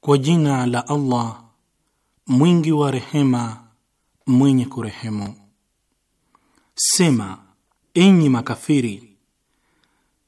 Kwa jina la Allah mwingi wa rehema mwenye kurehemu. Sema, enyi makafiri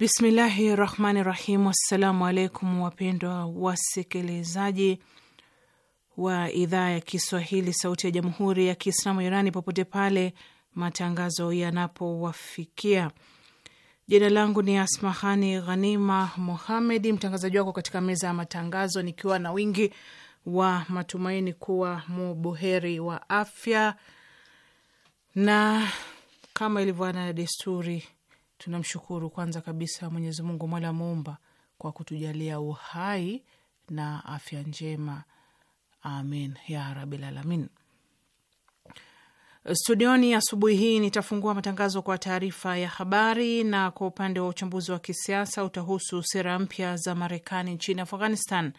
Bismillahi rahmani rahim. Assalamu alaikum wapendwa wasikilizaji wa idhaa ya Kiswahili sauti ya jamhuri ya Kiislamu Irani popote pale matangazo yanapowafikia. Jina langu ni Asmahani Ghanima Muhamedi, mtangazaji wako katika meza ya matangazo, nikiwa na wingi wa matumaini kuwa mubuheri wa afya, na kama ilivyo ana desturi Tunamshukuru kwanza kabisa Mwenyezi Mungu Mola Muumba kwa kutujalia uhai na afya njema, amin ya rabil alamin. Studioni asubuhi hii nitafungua matangazo kwa taarifa ya habari, na kwa upande wa uchambuzi wa kisiasa utahusu sera mpya za Marekani nchini Afghanistan.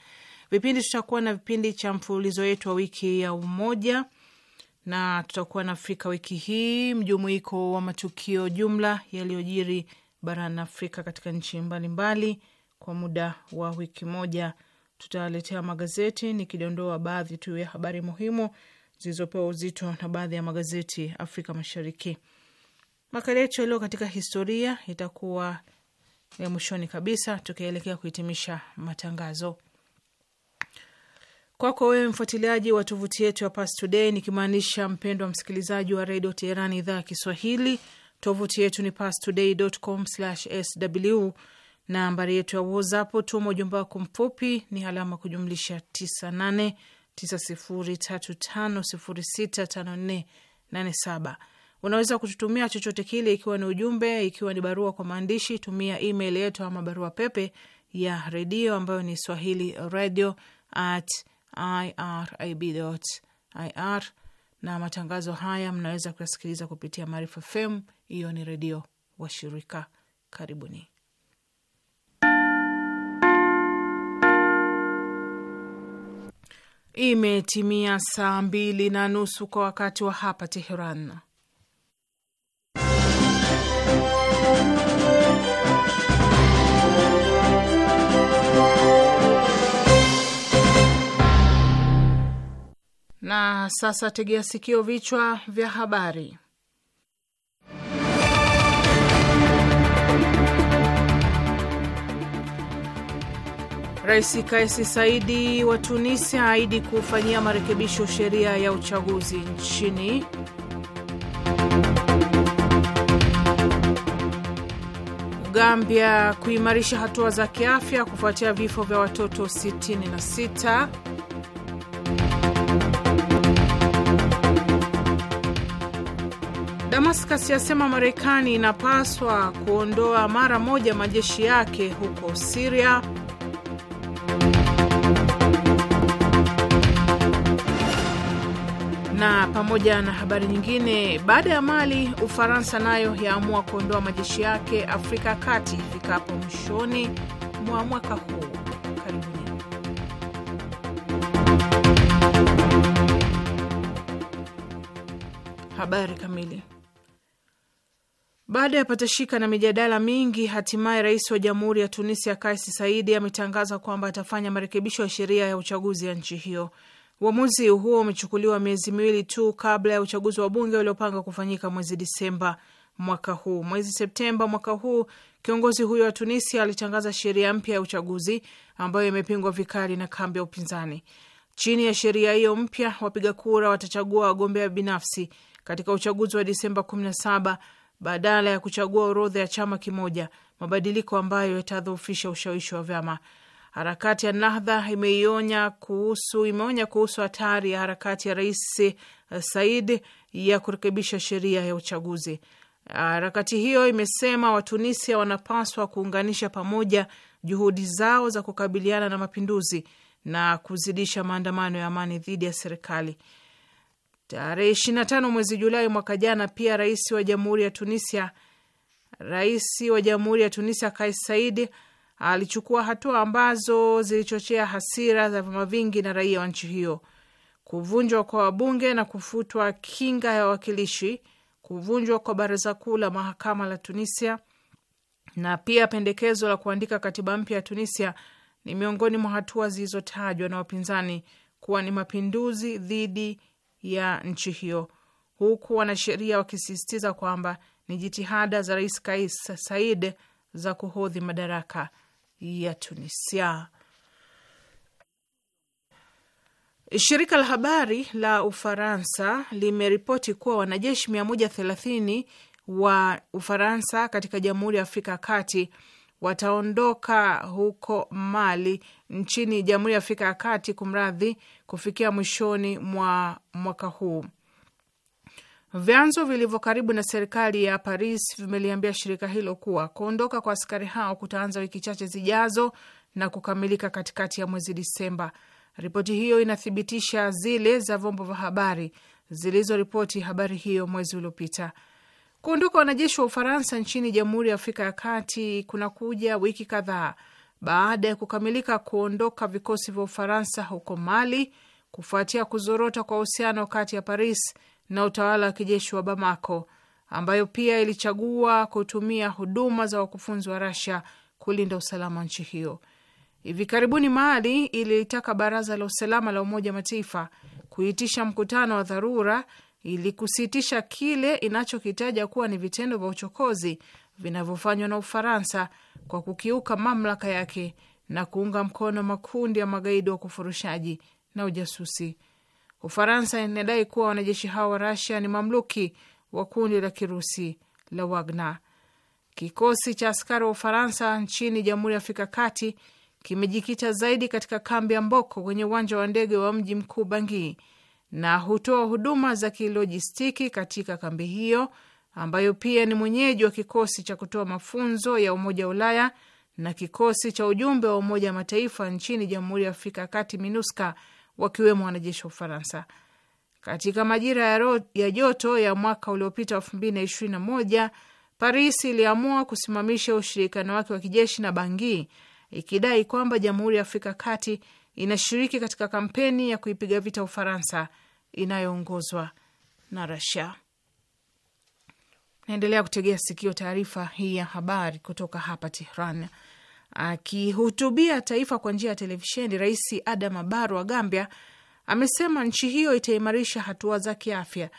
Vipindi tutakuwa na vipindi cha mfululizo wetu wa wiki ya umoja na tutakuwa na Afrika wiki hii, mjumuiko wa matukio jumla yaliyojiri barani Afrika katika nchi mbalimbali mbali. Kwa muda wa wiki moja tutaletea magazeti nikidondoa baadhi tu ya habari muhimu zilizopewa uzito na baadhi ya magazeti Afrika Mashariki. Makala yetu yaliyo katika historia itakuwa ya mwishoni kabisa tukielekea kuhitimisha matangazo kwako wewe mfuatiliaji wa tovuti yetu ya Pastoday, nikimaanisha mpendwa msikilizaji wa redio Teherani idhaa ya Kiswahili. Tovuti yetu ni pastoday.com/sw na nambari yetu ya WhatsApp, tuma ujumbe wako mfupi ni alama kujumlisha 989035065487. Unaweza kututumia chochote kile, ikiwa ni ujumbe, ikiwa ni barua kwa maandishi, tumia email yetu ama barua pepe ya redio ambayo ni swahili radio at irib.ir na matangazo haya mnaweza kuyasikiliza kupitia Maarifa FM. Hiyo ni redio wa shirika. Karibuni. Imetimia saa mbili na nusu kwa wakati wa hapa Teheran. sasa tegea sikio, vichwa vya habari. Rais Kaisi Saidi wa Tunisia aahidi kufanyia marekebisho sheria ya uchaguzi nchini. Gambia kuimarisha hatua za kiafya kufuatia vifo vya watoto 66. Damascus yasema Marekani inapaswa kuondoa mara moja majeshi yake huko Siria. Na pamoja na habari nyingine, baada ya Mali, Ufaransa nayo yaamua kuondoa majeshi yake Afrika ya Kati ifikapo mwishoni mwa mwaka huu. Karibuni. Habari kamili baada ya patashika na mijadala mingi, hatimaye rais wa jamhuri ya Tunisia Kais Saidi ametangaza kwamba atafanya marekebisho ya sheria ya uchaguzi ya nchi hiyo. Uamuzi huo umechukuliwa miezi miwili tu kabla ya uchaguzi wa bunge uliopangwa kufanyika mwezi Disemba mwaka huu. Mwezi Septemba mwaka huu kiongozi huyo wa Tunisia alitangaza sheria mpya ya uchaguzi ambayo imepingwa vikali na kambi ya upinzani. Chini ya sheria hiyo mpya, wapiga kura watachagua wagombea binafsi katika uchaguzi wa Disemba 17 badala ya kuchagua orodha ya chama kimoja, mabadiliko ambayo yatadhoofisha ushawishi wa vyama. Harakati ya Nahdha imeionya kuhusu imeonya kuhusu hatari ya harakati ya Rais eh, Said ya kurekebisha sheria ya uchaguzi. Harakati hiyo imesema Watunisia wanapaswa kuunganisha pamoja juhudi zao za kukabiliana na mapinduzi na kuzidisha maandamano ya amani dhidi ya serikali. Tarehe tano mwezi Julai mwaka jana, pia rais wa jamhuri ya Tunisia, rais wa jamhuri ya Tunisia Kais Saidi alichukua hatua ambazo zilichochea hasira za vyama vingi na raia wa nchi hiyo: kuvunjwa kwa wabunge na kufutwa kinga ya wawakilishi, kuvunjwa kwa baraza kuu la mahakama la Tunisia na pia pendekezo la kuandika katiba mpya ya Tunisia ni miongoni mwa hatua zilizotajwa na wapinzani kuwa ni mapinduzi dhidi ya nchi hiyo, huku wanasheria wakisisitiza kwamba ni jitihada za Rais Kais Said za kuhodhi madaraka ya Tunisia. Shirika la habari la Ufaransa limeripoti kuwa wanajeshi 130 wa Ufaransa katika Jamhuri ya Afrika ya Kati wataondoka huko Mali nchini Jamhuri ya Afrika ya Kati, kumradhi, kufikia mwishoni mwa mwaka huu. Vyanzo vilivyo karibu na serikali ya Paris vimeliambia shirika hilo kuwa kuondoka kwa askari hao kutaanza wiki chache zijazo na kukamilika katikati ya mwezi Disemba. Ripoti hiyo inathibitisha zile za vyombo vya habari zilizoripoti habari hiyo mwezi uliopita. Kuondoka wanajeshi wa Ufaransa nchini Jamhuri ya Afrika ya Kati kunakuja wiki kadhaa baada ya kukamilika kuondoka vikosi vya Ufaransa huko Mali kufuatia kuzorota kwa uhusiano kati ya Paris na utawala wa kijeshi wa Bamako, ambayo pia ilichagua kutumia huduma za wakufunzi wa Rasia kulinda usalama wa nchi hiyo. Hivi karibuni Mali ililitaka Baraza la Usalama la Umoja Mataifa kuitisha mkutano wa dharura ili kusitisha kile inachokitaja kuwa ni vitendo vya uchokozi vinavyofanywa na Ufaransa kwa kukiuka mamlaka yake na kuunga mkono makundi ya magaidi wa kufurushaji na ujasusi. Ufaransa inadai kuwa wanajeshi hao wa Rasia ni mamluki wa kundi la Kirusi la Wagner. Kikosi cha askari wa Ufaransa nchini Jamhuri ya Afrika Kati kimejikita zaidi katika kambi ya Mboko kwenye uwanja wa ndege wa mji mkuu Bangui na hutoa huduma za kilojistiki katika kambi hiyo ambayo pia ni mwenyeji wa kikosi cha kutoa mafunzo ya Umoja wa Ulaya na kikosi cha ujumbe wa Umoja wa Mataifa nchini Jamhuri ya Afrika ya Kati, MINUSCA, wakiwemo wanajeshi wa Ufaransa. Katika majira ya, ro, ya joto ya mwaka uliopita elfu mbili na ishirini na moja, Paris iliamua kusimamisha ushirikano wake wa kijeshi na Bangui ikidai kwamba Jamhuri ya Afrika Kati inashiriki katika kampeni ya kuipiga vita Ufaransa inayoongozwa na Rasia. Naendelea kutegea sikio taarifa hii ya habari kutoka hapa Tehran. Akihutubia taifa kwa njia ya televisheni, Rais Adama Barrow wa Gambia amesema nchi hiyo itaimarisha hatua za kiafya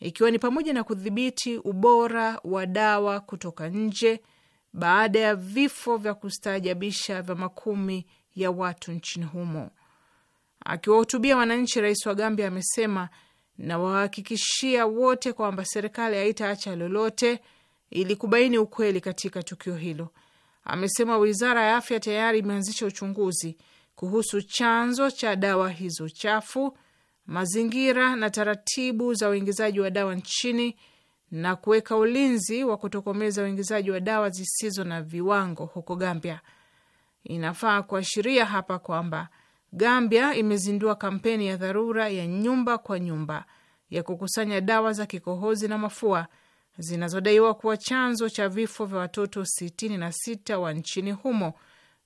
ikiwa ni pamoja na kudhibiti ubora wa dawa kutoka nje baada ya vifo vya kustaajabisha vya makumi ya watu nchini humo. Akiwahutubia wananchi, rais wa Gambia amesema nawahakikishia wote kwamba serikali haitaacha lolote ili kubaini ukweli katika tukio hilo. Amesema wizara ya afya tayari imeanzisha uchunguzi kuhusu chanzo cha dawa hizo chafu, mazingira na taratibu za uingizaji wa dawa nchini na kuweka ulinzi wa kutokomeza uingizaji wa dawa zisizo na viwango huko Gambia. Inafaa kuashiria hapa kwamba Gambia imezindua kampeni ya dharura ya nyumba kwa nyumba ya kukusanya dawa za kikohozi na mafua zinazodaiwa kuwa chanzo cha vifo vya watoto 66 wa nchini humo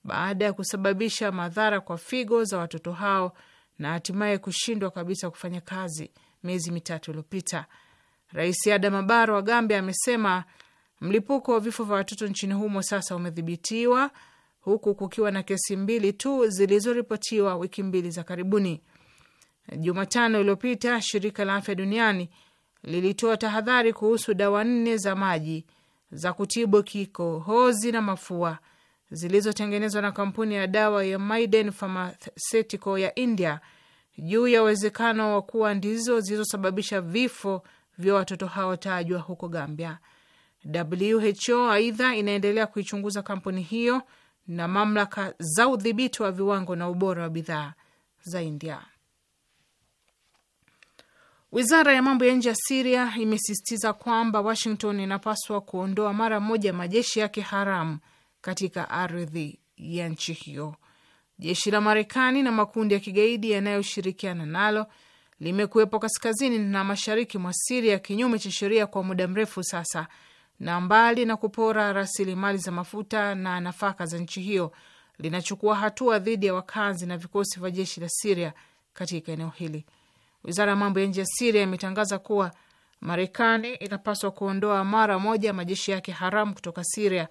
baada ya kusababisha madhara kwa figo za watoto hao na hatimaye kushindwa kabisa kufanya kazi miezi mitatu iliyopita. Rais Adama Barrow wa Gambia amesema mlipuko wa vifo vya watoto nchini humo sasa umedhibitiwa huku kukiwa na kesi mbili tu zilizoripotiwa wiki mbili za karibuni. Jumatano iliyopita shirika la afya duniani lilitoa tahadhari kuhusu dawa nne za maji za kutibu kikohozi na mafua zilizotengenezwa na kampuni ya dawa ya Maiden Pharmaceutical ya India juu ya uwezekano wa kuwa ndizo zilizosababisha vifo vya watoto hao tajwa huko Gambia. WHO aidha inaendelea kuichunguza kampuni hiyo na mamlaka za udhibiti wa viwango na ubora wa bidhaa za India. Wizara ya mambo ya nje ya Siria imesisitiza kwamba Washington inapaswa kuondoa mara moja majeshi yake haramu katika ardhi ya nchi hiyo. Jeshi la Marekani na makundi ya kigaidi yanayoshirikiana nalo limekuwepo kaskazini na mashariki mwa Siria kinyume cha sheria kwa muda mrefu sasa na mbali na kupora rasilimali za mafuta na nafaka za nchi hiyo, linachukua hatua dhidi ya wakazi na vikosi vya jeshi la Siria katika eneo hili. Wizara ya mambo ya nje ya Siria imetangaza kuwa Marekani inapaswa kuondoa mara moja majeshi yake haramu kutoka Siria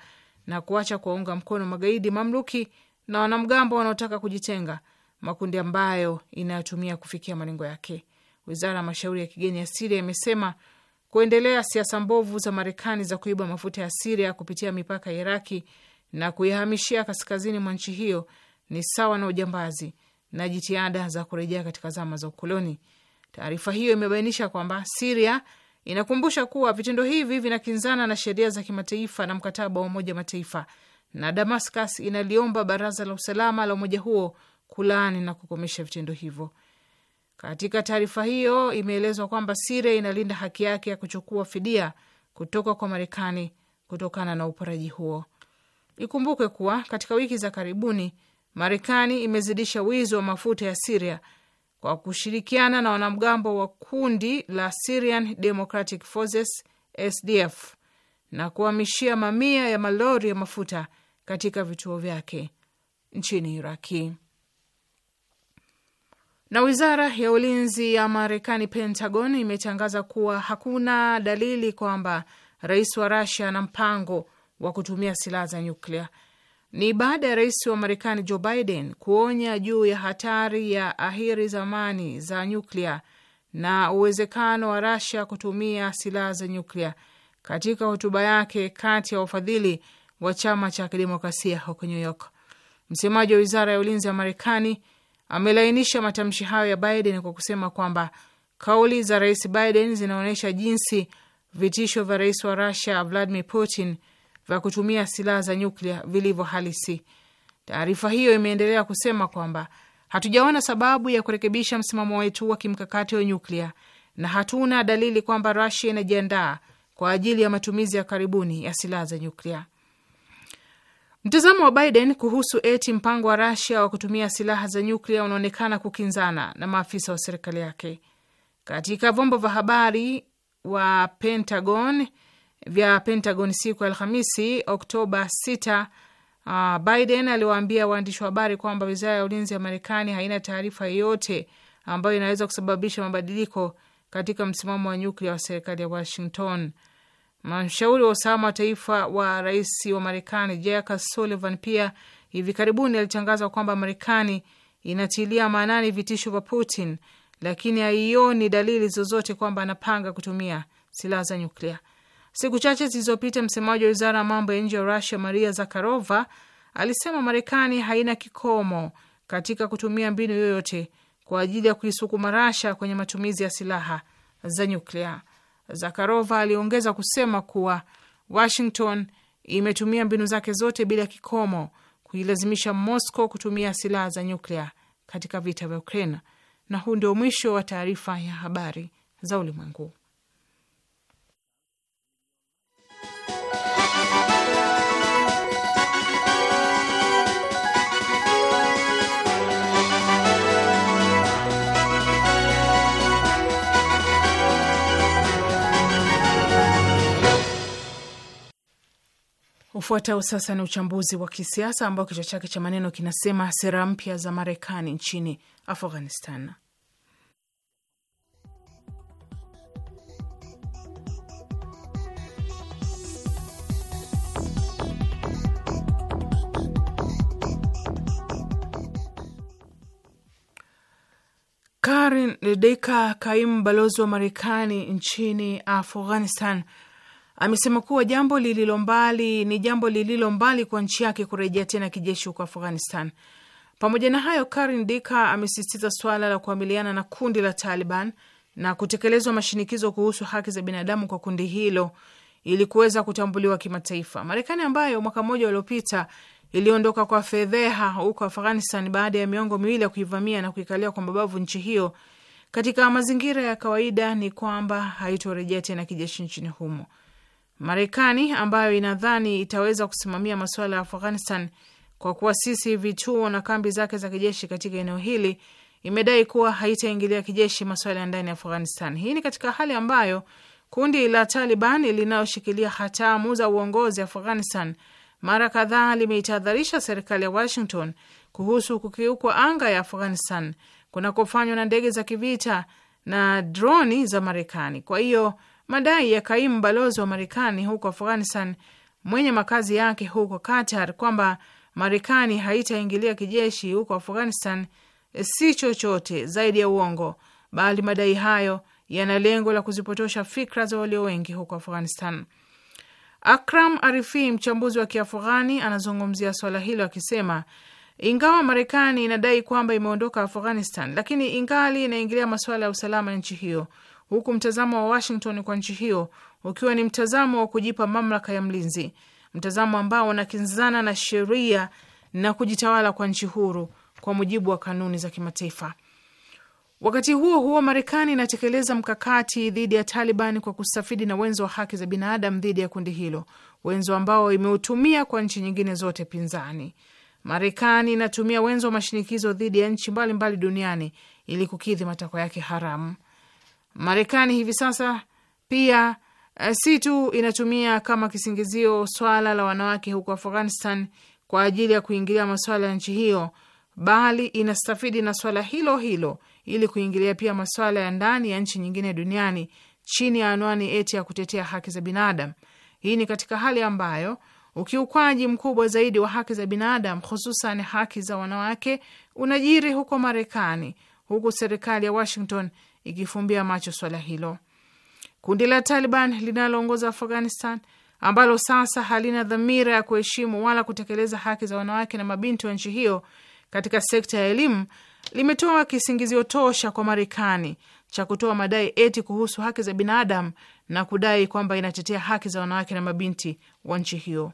na kuacha kuwaunga mkono magaidi, mamluki na wanamgambo wanaotaka kujitenga, makundi ambayo inayotumia kufikia malengo yake. Wizara ya mashauri ya kigeni ya Siria imesema kuendelea siasa mbovu za Marekani za kuiba mafuta ya Siria kupitia mipaka ya Iraki na kuihamishia kaskazini mwa nchi hiyo ni sawa na ujambazi na jitihada za kurejea katika zama za ukoloni. Taarifa hiyo imebainisha kwamba Siria inakumbusha kuwa vitendo hivi vinakinzana na sheria za kimataifa na mkataba wa Umoja Mataifa, na Damascus inaliomba Baraza la Usalama la umoja huo kulaani na kukomesha vitendo hivyo. Katika taarifa hiyo imeelezwa kwamba Siria inalinda haki yake ya kuchukua fidia kutoka kwa Marekani kutokana na uporaji huo. Ikumbukwe kuwa katika wiki za karibuni Marekani imezidisha wizi wa mafuta ya Siria kwa kushirikiana na wanamgambo wa kundi la Syrian Democratic Forces SDF na kuhamishia mamia ya malori ya mafuta katika vituo vyake nchini Iraki. Na wizara ya ulinzi ya Marekani, Pentagon, imetangaza kuwa hakuna dalili kwamba rais wa Rasia ana mpango wa kutumia silaha za nyuklia. Ni baada ya rais wa Marekani Joe Biden kuonya juu ya hatari ya ahiri zamani za nyuklia na uwezekano wa Rasia kutumia silaha za nyuklia katika hotuba yake kati ya wafadhili wa chama cha kidemokrasia huko New York. Msemaji wa wizara ya ulinzi ya Marekani amelainisha matamshi hayo ya Biden kwa kusema kwamba kauli za rais Biden zinaonyesha jinsi vitisho vya rais wa Rusia Vladimir Putin vya kutumia silaha za nyuklia vilivyo halisi. Taarifa hiyo imeendelea kusema kwamba hatujaona sababu ya kurekebisha msimamo wetu wa kimkakati wa nyuklia na hatuna dalili kwamba Rusia inajiandaa kwa ajili ya matumizi ya karibuni ya silaha za nyuklia. Mtazamo wa Biden kuhusu eti mpango wa Rasia wa kutumia silaha za nyuklia unaonekana kukinzana na maafisa wa serikali yake. Katika vyombo vya habari wa Pentagon vya Pentagon siku ya Alhamisi Oktoba 6, uh, Biden aliwaambia waandishi wa habari kwamba wizara ya ulinzi ya Marekani haina taarifa yoyote ambayo inaweza kusababisha mabadiliko katika msimamo wa nyuklia wa serikali ya Washington. Mshauri wa usalama wa taifa wa rais wa Marekani Jack Sullivan pia hivi karibuni alitangaza kwamba Marekani inatilia maanani vitisho vya Putin, lakini haioni dalili zozote kwamba anapanga kutumia silaha za nyuklia. Siku chache zilizopita, msemaji wa wizara ya mambo ya nje ya Rusia Maria Zakharova alisema Marekani haina kikomo katika kutumia mbinu yoyote kwa ajili ya kuisukuma Rasha kwenye matumizi ya silaha za nyuklia. Zakarova aliongeza kusema kuwa Washington imetumia mbinu zake zote bila kikomo kuilazimisha Moscow kutumia silaha za nyuklia katika vita vya Ukraina. Na huu ndio mwisho wa taarifa ya habari za ulimwengu. Ufuatao sasa ni uchambuzi wa kisiasa ambao kichwa chake cha maneno kinasema sera mpya za Marekani nchini Afghanistan. Karin Deka, kaimu balozi wa Marekani nchini Afghanistan, amesema kuwa jambo lililo mbali ni jambo lililo mbali kwa nchi yake kurejea tena kijeshi huko Afghanistan. Pamoja na hayo, Karin Dika amesisitiza swala la kuamiliana na kundi la Taliban na kutekelezwa mashinikizo kuhusu haki za binadamu kwa kundi hilo ili kuweza kutambuliwa kimataifa. Marekani ambayo mwaka mmoja uliopita iliondoka kwa fedheha huko Afghanistan baada ya miongo miwili ya kuivamia na kuikalia kwa mabavu nchi hiyo, katika mazingira ya kawaida ni kwamba haitorejea tena kijeshi nchini humo. Marekani ambayo inadhani itaweza kusimamia masuala ya Afghanistan kwa kuasisi vituo na kambi zake za kijeshi katika eneo hili imedai kuwa haitaingilia kijeshi masuala ya ndani ya Afghanistan. Hii ni katika hali ambayo kundi la Taliban linaloshikilia hatamu za uongozi Afghanistan mara kadhaa limeitahadharisha serikali ya Washington kuhusu kukiukwa anga ya Afghanistan kunakofanywa na ndege za kivita na droni za Marekani. Kwa hiyo madai ya kaimu balozi wa Marekani huko Afghanistan mwenye makazi yake huko Qatar kwamba Marekani haitaingilia kijeshi huko Afghanistan si chochote zaidi ya uongo, bali madai hayo yana lengo la kuzipotosha fikra za walio wengi huko Afghanistan. Akram Arifi, mchambuzi wa Kiafghani, anazungumzia swala hilo akisema ingawa Marekani inadai kwamba imeondoka Afghanistan, lakini ingali inaingilia masuala ya usalama ya nchi hiyo huku mtazamo wa Washington kwa nchi hiyo ukiwa ni mtazamo wa kujipa mamlaka ya mlinzi, mtazamo ambao unakinzana na sheria na kujitawala kwa nchi huru kwa mujibu wa kanuni za kimataifa. Wakati huo huo, Marekani inatekeleza mkakati dhidi ya Taliban kwa kusafidi na wenzo wa haki za binadamu dhidi ya kundi hilo, wenzo ambao imeutumia kwa nchi nyingine zote pinzani. Marekani inatumia wenzo wa mashinikizo dhidi ya nchi mbalimbali mbali duniani ili kukidhi matakwa yake haramu. Marekani hivi sasa pia eh, si tu inatumia kama kisingizio swala la wanawake huko Afghanistan kwa ajili ya kuingilia masuala ya nchi hiyo, bali inastafidi na swala hilo hilo ili kuingilia pia masuala ya ndani ya nchi nyingine duniani chini ya anwani eti ya kutetea haki za binadamu. Hii ni katika hali ambayo ukiukwaji mkubwa zaidi wa haki za binadamu, hususan haki za wanawake, unajiri huko Marekani, huku serikali ya Washington ikifumbia macho swala hilo. Kundi la Taliban linaloongoza Afghanistan ambalo sasa halina dhamira ya kuheshimu wala kutekeleza haki za wanawake na mabinti wa nchi hiyo katika sekta ya elimu limetoa kisingizio tosha kwa Marekani cha kutoa madai eti kuhusu haki za binadamu na kudai kwamba inatetea haki za wanawake na mabinti wa nchi hiyo.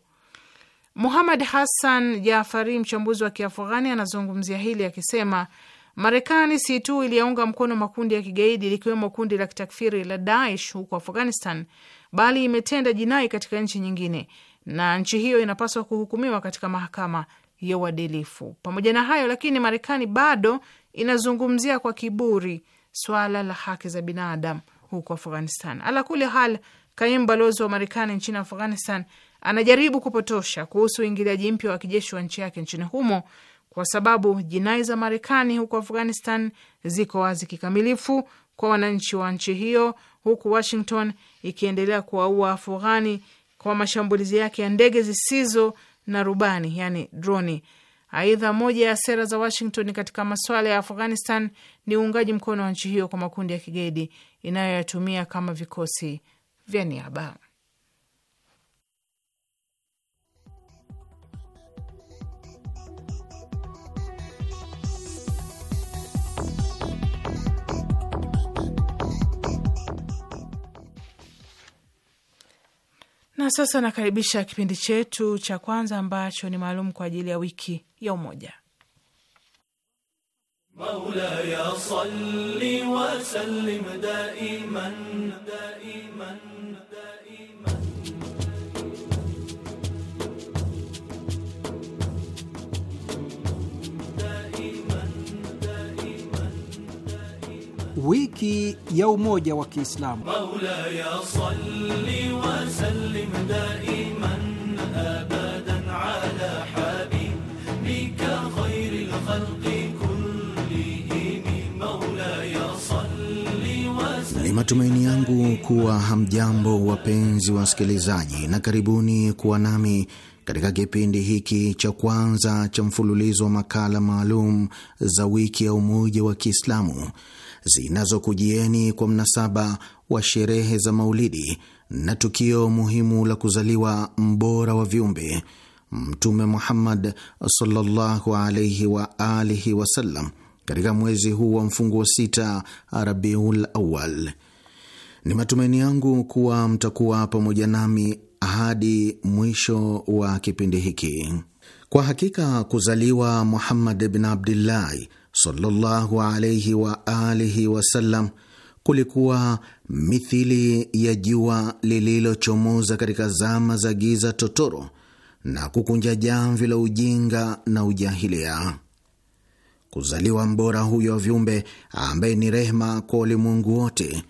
Muhamad Hassan Jafari, mchambuzi wa Kiafghani, anazungumzia hili akisema Marekani si tu iliyaunga mkono makundi ya kigaidi likiwemo kundi la kitakfiri la Daesh huko Afghanistan, bali imetenda jinai katika nchi nyingine, na nchi hiyo inapaswa kuhukumiwa katika mahakama ya uadilifu. Pamoja na hayo lakini, Marekani bado inazungumzia kwa kiburi swala la haki za binadamu huko Afghanistan. Ala kuli hal, kaimu balozi wa Marekani nchini Afghanistan anajaribu kupotosha kuhusu uingiliaji mpya wa kijeshi wa nchi yake nchini humo kwa sababu jinai za Marekani huko Afghanistan ziko wazi kikamilifu kwa wananchi wa nchi hiyo, huku Washington ikiendelea kuwaua Afghani kwa mashambulizi yake ya ndege zisizo na rubani, yani droni. Aidha, moja ya sera za Washington katika masuala ya Afghanistan ni uungaji mkono wa nchi hiyo kwa makundi ya kigaidi inayoyatumia kama vikosi vya niaba. Na sasa nakaribisha kipindi chetu cha kwanza ambacho ni maalum kwa ajili ya wiki ya umoja. salli wa sallim daiman, daiman. wiki ya umoja wa Kiislamu. Ni matumaini yangu kuwa hamjambo wapenzi wa wasikilizaji, na karibuni kuwa nami katika kipindi hiki cha kwanza cha mfululizo wa makala maalum za wiki ya umoja wa Kiislamu zinazokujieni kwa mnasaba wa sherehe za Maulidi na tukio muhimu la kuzaliwa mbora wa viumbe Mtume Muhammad sallallahu alaihi wa alihi wasallam katika mwezi huu wa wa sita Rabiul Awal. Ni matumaini yangu kuwa mtakuwa pamoja nami hadi mwisho wa kipindi hiki. Kwa hakika kuzaliwa Muhammad bin Abdillahi sallallahu alaihi wa alihi wasallam kulikuwa mithili ya jua lililochomoza katika zama za giza totoro na kukunja jamvi la ujinga na ujahilia. Kuzaliwa mbora huyo wa viumbe ambaye ni rehma kwa ulimwengu wote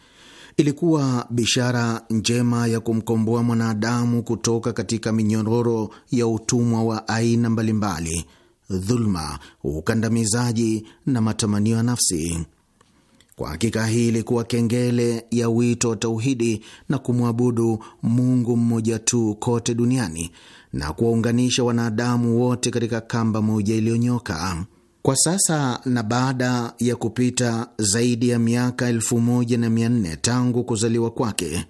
ilikuwa bishara njema ya kumkomboa mwanadamu kutoka katika minyororo ya utumwa wa aina mbalimbali dhulma, ukandamizaji na matamanio ya nafsi. Kwa hakika hii ilikuwa kengele ya wito wa tauhidi na kumwabudu Mungu mmoja tu kote duniani na kuwaunganisha wanadamu wote katika kamba moja iliyonyoka. Kwa sasa na baada ya kupita zaidi ya miaka elfu moja na mia nne tangu kuzaliwa kwake,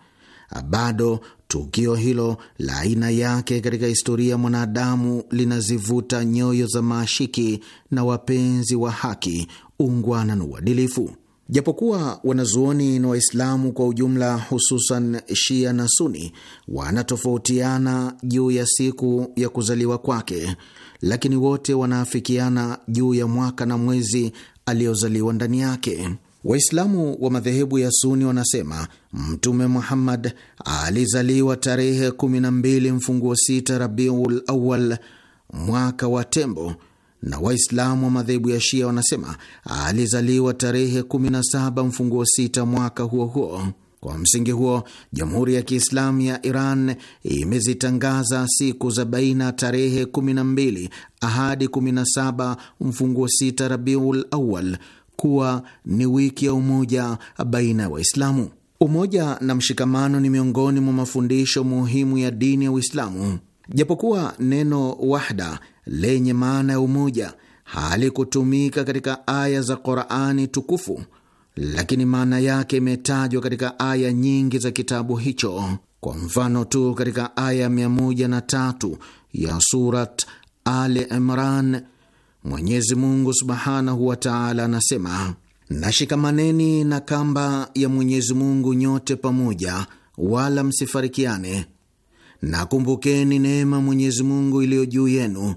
bado Tukio hilo la aina yake katika historia ya mwanadamu linazivuta nyoyo za maashiki na wapenzi wa haki, ungwana na uadilifu. Japokuwa wanazuoni na Waislamu kwa ujumla, hususan Shia na Suni, wanatofautiana juu ya siku ya kuzaliwa kwake, lakini wote wanaafikiana juu ya mwaka na mwezi aliyozaliwa ndani yake. Waislamu wa madhehebu ya Suni wanasema Mtume Muhammad alizaliwa tarehe 12 mfunguo 6 Rabiul Awal mwaka wa tembo, na Waislamu wa madhehebu ya Shia wanasema alizaliwa tarehe 17 mfunguo 6 mwaka huo huo. Kwa msingi huo, Jamhuri ya Kiislamu ya Iran imezitangaza siku za baina tarehe 12 ahadi 17 mfunguo 6 Rabiul Awal kuwa ni wiki ya umoja baina ya Waislamu. Umoja na mshikamano ni miongoni mwa mafundisho muhimu ya dini ya Uislamu. Japokuwa neno wahda lenye maana ya umoja halikutumika katika aya za Qorani tukufu, lakini maana yake imetajwa katika aya nyingi za kitabu hicho. Kwa mfano tu katika aya 103 ya Surat Ali Imran Mwenyezi Mungu subhanahu wa taala anasema, nashikamaneni na kamba ya Mwenyezi Mungu nyote pamoja, wala msifarikiane, nakumbukeni neema Mwenyezi Mungu iliyo juu yenu,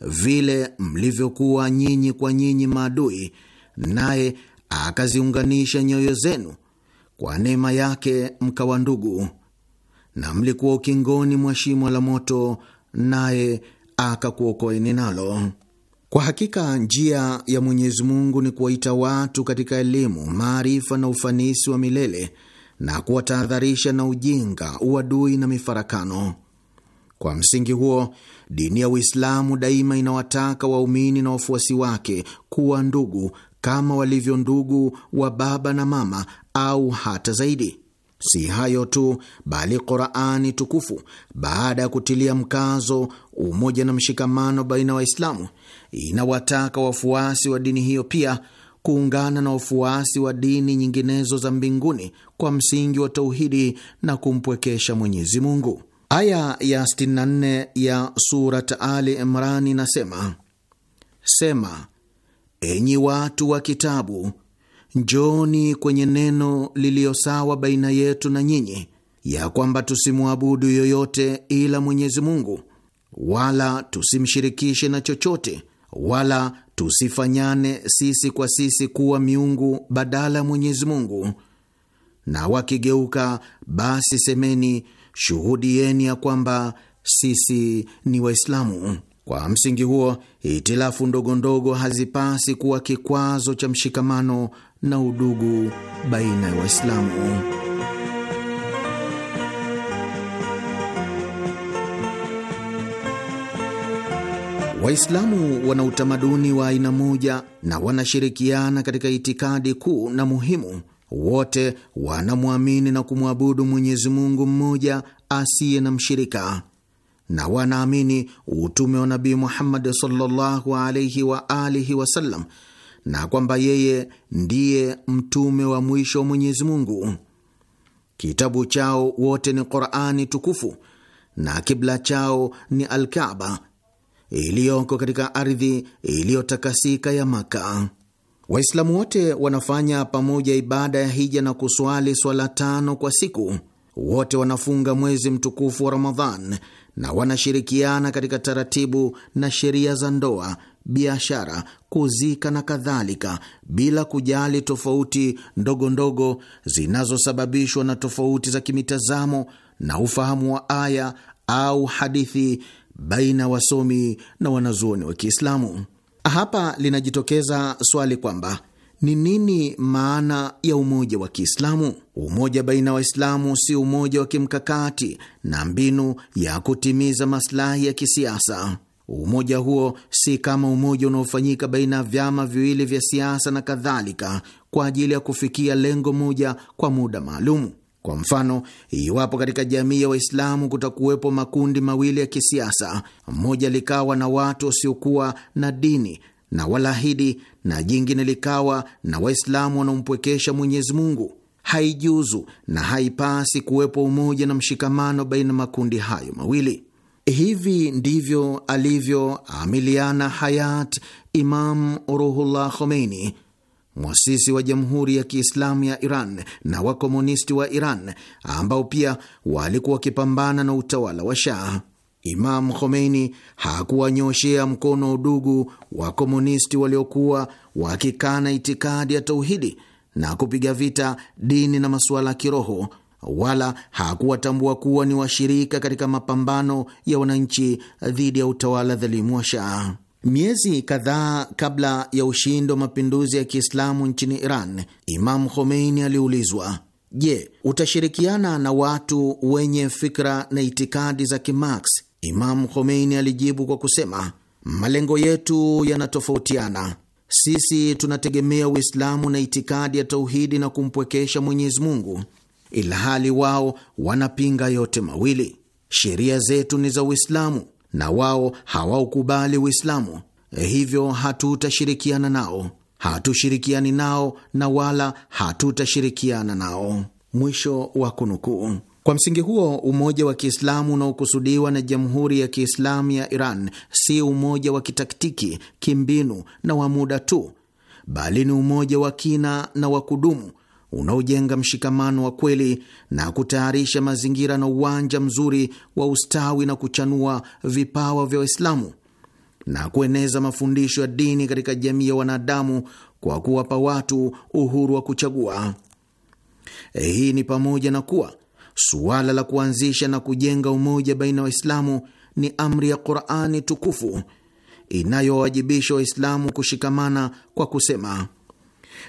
vile mlivyokuwa nyinyi kwa nyinyi maadui, naye akaziunganisha nyoyo zenu kwa neema yake, mkawa ndugu, na mlikuwa ukingoni mwa shimo la moto, naye akakuokoeni nalo. Kwa hakika njia ya Mwenyezi Mungu ni kuwaita watu katika elimu, maarifa na ufanisi wa milele na kuwatahadharisha na ujinga, uadui na mifarakano. Kwa msingi huo, dini ya Uislamu daima inawataka waumini na wafuasi wake kuwa ndugu kama walivyo ndugu wa baba na mama au hata zaidi. Si hayo tu, bali Qurani tukufu baada ya kutilia mkazo umoja na mshikamano baina ya Waislamu inawataka wafuasi wa dini hiyo pia kuungana na wafuasi wa dini nyinginezo za mbinguni kwa msingi wa tauhidi na kumpwekesha Mwenyezi Mungu. Aya ya 64 ya Surat Ali Imran inasema: Sema, enyi watu wa Kitabu, njoni kwenye neno liliyo sawa baina yetu na nyinyi, ya kwamba tusimwabudu yoyote ila Mwenyezi Mungu, wala tusimshirikishe na chochote wala tusifanyane sisi kwa sisi kuwa miungu badala ya Mwenyezi Mungu. Na wakigeuka basi semeni, shuhudieni ya kwamba sisi ni Waislamu. Kwa msingi huo, itilafu ndogo ndogo hazipasi kuwa kikwazo cha mshikamano na udugu baina ya Waislamu. Waislamu wana utamaduni wa aina moja na wanashirikiana katika itikadi kuu na muhimu. Wote wanamwamini na kumwabudu Mwenyezi Mungu mmoja asiye na mshirika, na wanaamini utume wa Nabii Muhammad sallallahu alaihi wa alihi wasallam na kwamba yeye ndiye mtume wa mwisho wa Mwenyezi Mungu. Kitabu chao wote ni Qurani tukufu na kibla chao ni Alkaba iliyoko katika ardhi iliyotakasika ya Maka. Waislamu wote wanafanya pamoja ibada ya hija na kuswali swala tano kwa siku. Wote wanafunga mwezi mtukufu wa Ramadhan na wanashirikiana katika taratibu na sheria za ndoa, biashara, kuzika na kadhalika, bila kujali tofauti ndogo ndogo zinazosababishwa na tofauti za kimitazamo na ufahamu wa aya au hadithi baina wasomi na wanazuoni wa Kiislamu. Hapa linajitokeza swali kwamba ni nini maana ya umoja wa Kiislamu? Umoja baina Waislamu si umoja wa kimkakati na mbinu ya kutimiza maslahi ya kisiasa. Umoja huo si kama umoja unaofanyika baina ya vyama viwili vya siasa na kadhalika, kwa ajili ya kufikia lengo moja kwa muda maalumu. Kwa mfano, iwapo katika jamii ya Waislamu kutakuwepo makundi mawili ya kisiasa, moja likawa na watu wasiokuwa na dini na walahidi na jingine likawa na Waislamu wanaompwekesha Mwenyezi Mungu, haijuzu na haipasi kuwepo umoja na mshikamano baina makundi hayo mawili. Hivi ndivyo alivyoamiliana hayat Imam Ruhullah Khomeini mwasisi wa Jamhuri ya Kiislamu ya Iran na wakomunisti wa Iran ambao pia walikuwa wakipambana na utawala wa Shah. Imam Khomeini hakuwanyoshea mkono udugu wa komunisti waliokuwa wakikana itikadi ya tauhidi na kupiga vita dini na masuala ya kiroho, wala hakuwatambua kuwa ni washirika katika mapambano ya wananchi dhidi ya utawala dhalimu wa shaha Miezi kadhaa kabla ya ushindi wa mapinduzi ya Kiislamu nchini Iran, Imamu Khomeini aliulizwa, je, utashirikiana na watu wenye fikra na itikadi za kimax Imamu Khomeini alijibu kwa kusema, malengo yetu yanatofautiana. Sisi tunategemea Uislamu na itikadi ya tauhidi na kumpwekesha Mwenyezi Mungu, ilhali wao wanapinga yote mawili. Sheria zetu ni za Uislamu na wao hawaukubali Uislamu, eh, hivyo hatutashirikiana nao, hatushirikiani nao na wala hatutashirikiana nao. Mwisho wa kunukuu. Kwa msingi huo, umoja wa Kiislamu unaokusudiwa na Jamhuri ya Kiislamu ya Iran si umoja wa kitaktiki, kimbinu na wa muda tu, bali ni umoja wa kina na wa kudumu unaojenga mshikamano wa kweli na kutayarisha mazingira na uwanja mzuri wa ustawi na kuchanua vipawa vya Waislamu na kueneza mafundisho ya dini katika jamii ya wanadamu kwa kuwapa watu uhuru wa kuchagua. Hii ni pamoja na kuwa suala la kuanzisha na kujenga umoja baina ya Waislamu ni amri ya Qurani tukufu inayowajibisha Waislamu kushikamana kwa kusema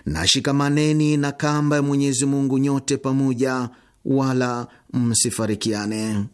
nashikamaneni na kamba ya Mwenyezi Mungu nyote pamoja, wala msifarikiane.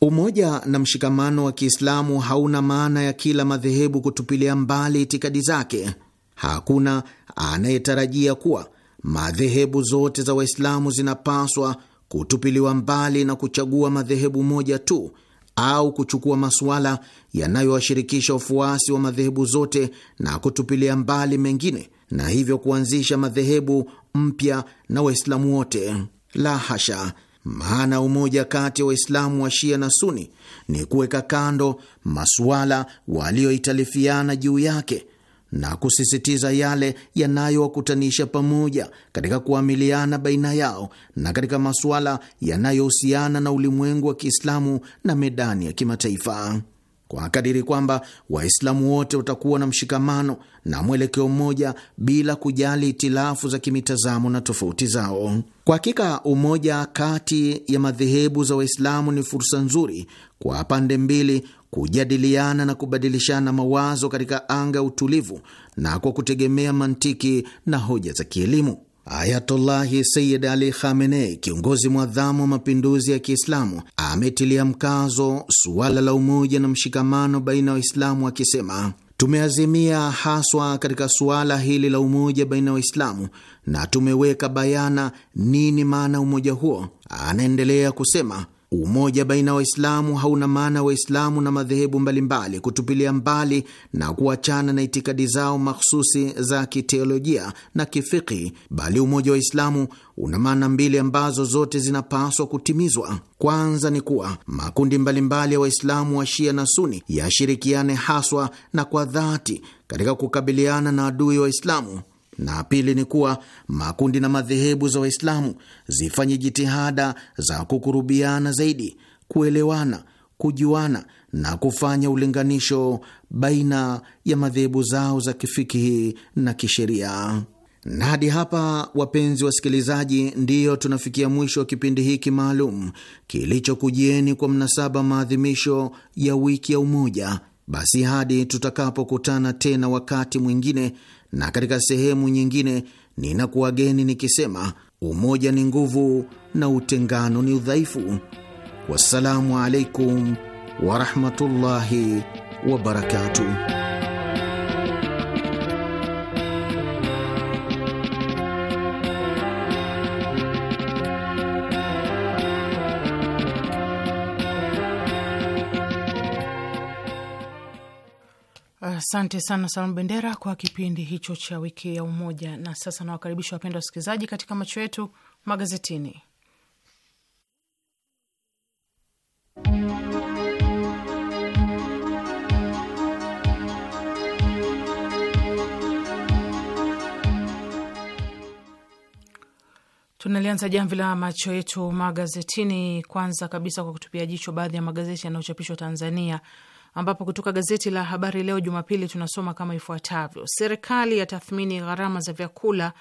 Umoja na mshikamano wa Kiislamu hauna maana ya kila madhehebu kutupilia mbali itikadi zake. Hakuna anayetarajia kuwa madhehebu zote za Waislamu zinapaswa kutupiliwa mbali na kuchagua madhehebu moja tu au kuchukua masuala yanayowashirikisha wafuasi wa madhehebu zote na kutupilia mbali mengine na hivyo kuanzisha madhehebu mpya na Waislamu wote. La hasha! Maana umoja kati ya wa Waislamu wa Shia na Suni ni kuweka kando masuala walioitalifiana juu yake na kusisitiza yale yanayowakutanisha pamoja katika kuamiliana baina yao na katika masuala yanayohusiana na ulimwengu wa Kiislamu na medani ya kimataifa kwa kadiri kwamba Waislamu wote watakuwa na mshikamano na mwelekeo mmoja bila kujali itilafu za kimitazamo na tofauti zao. Kwa hakika umoja kati ya madhehebu za Waislamu ni fursa nzuri kwa pande mbili kujadiliana na kubadilishana mawazo katika anga ya utulivu na kwa kutegemea mantiki na hoja za kielimu. Ayatullahi Sayid Ali Khamenei, kiongozi mwadhamu wa mapinduzi ya Kiislamu, ametilia mkazo suala la umoja na mshikamano baina ya Waislamu akisema Tumeazimia haswa katika suala hili la umoja baina ya Waislamu na tumeweka bayana nini maana umoja huo. Anaendelea kusema Umoja baina ya Waislamu hauna maana Waislamu na madhehebu mbalimbali kutupilia mbali na kuachana na itikadi zao makhususi za kiteolojia na kifiki, bali umoja wa Waislamu una maana mbili ambazo zote zinapaswa kutimizwa. Kwanza ni kuwa makundi mbalimbali ya Waislamu wa Shia na Suni yashirikiane haswa na kwa dhati katika kukabiliana na adui wa Islamu na pili ni kuwa makundi na madhehebu za Waislamu zifanye jitihada za kukurubiana zaidi, kuelewana, kujuana na kufanya ulinganisho baina ya madhehebu zao za kifikihi na kisheria. Na hadi hapa, wapenzi wasikilizaji, ndiyo tunafikia mwisho wa kipindi hiki maalum kilichokujieni kwa mnasaba maadhimisho ya wiki ya umoja. Basi hadi tutakapokutana tena wakati mwingine na katika sehemu nyingine ninakuwageni nikisema umoja ni nguvu na utengano ni udhaifu. Wassalamu alaikum warahmatullahi wabarakatuh. Asante sana Salamu Bendera kwa kipindi hicho cha wiki ya Umoja. Na sasa nawakaribisha wapendwa wasikilizaji katika macho yetu magazetini. Tunalianza jamvi la macho yetu magazetini kwanza kabisa kwa kutupia jicho baadhi ya magazeti yanayochapishwa Tanzania ambapo kutoka gazeti la Habari Leo Jumapili tunasoma kama ifuatavyo: serikali ya tathmini gharama za vyakula,